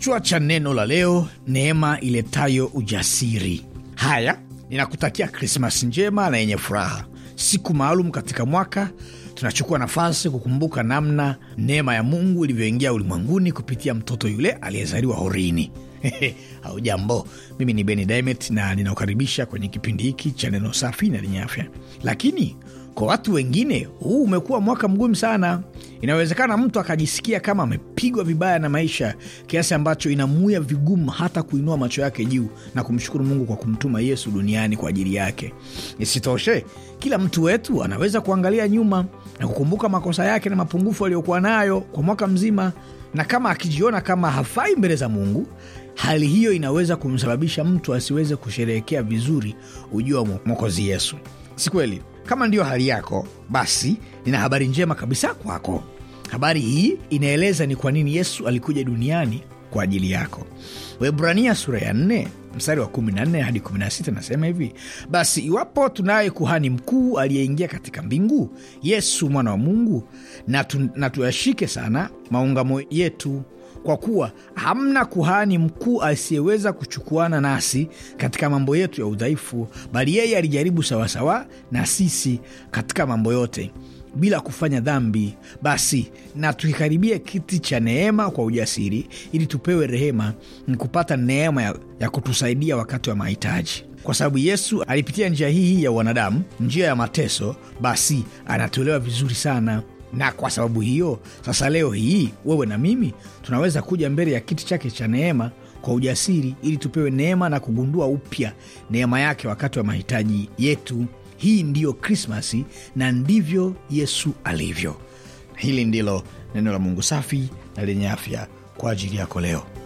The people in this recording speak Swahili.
Kichwa cha neno la leo, neema iletayo ujasiri. Haya, ninakutakia Krismas njema na yenye furaha. Siku maalum katika mwaka tunachukua nafasi kukumbuka namna neema ya Mungu ilivyoingia ulimwenguni kupitia mtoto yule aliyezaliwa horini. au jambo mimi ni Beni Dimet na ninakukaribisha kwenye kipindi hiki cha neno safi na lenye afya. Lakini kwa watu wengine huu umekuwa mwaka mgumu sana. Inawezekana mtu akajisikia kama amepigwa vibaya na maisha kiasi ambacho inamuya vigumu hata kuinua macho yake juu na kumshukuru Mungu kwa kumtuma Yesu duniani kwa ajili yake. Isitoshe, kila mtu wetu anaweza kuangalia nyuma na kukumbuka makosa yake na mapungufu aliyokuwa nayo kwa mwaka mzima, na kama akijiona kama hafai mbele za Mungu, hali hiyo inaweza kumsababisha mtu asiweze kusherehekea vizuri ujio wa Mwokozi Yesu si kweli? Kama ndiyo hali yako, basi nina habari njema kabisa kwako. Habari hii inaeleza ni kwa nini Yesu alikuja duniani kwa ajili yako. webrania sura ya 4 mstari wa 14 hadi 16 nasema hivi: basi iwapo tunaye kuhani mkuu aliyeingia katika mbingu, Yesu mwana wa Mungu, na tuyashike sana maungamo yetu kwa kuwa hamna kuhani mkuu asiyeweza kuchukuana nasi katika mambo yetu ya udhaifu, bali yeye alijaribu sawasawa na sisi katika mambo yote bila kufanya dhambi. Basi na tukikaribia kiti cha neema kwa ujasiri, ili tupewe rehema, ni kupata neema ya, ya kutusaidia wakati wa mahitaji. Kwa sababu Yesu alipitia njia hii ya wanadamu, njia ya mateso, basi anatolewa vizuri sana na kwa sababu hiyo sasa, leo hii wewe na mimi tunaweza kuja mbele ya kiti chake cha neema kwa ujasiri, ili tupewe neema na kugundua upya neema yake wakati wa mahitaji yetu. Hii ndiyo Krismasi na ndivyo Yesu alivyo. Hili ndilo neno la Mungu safi na lenye afya kwa ajili yako leo.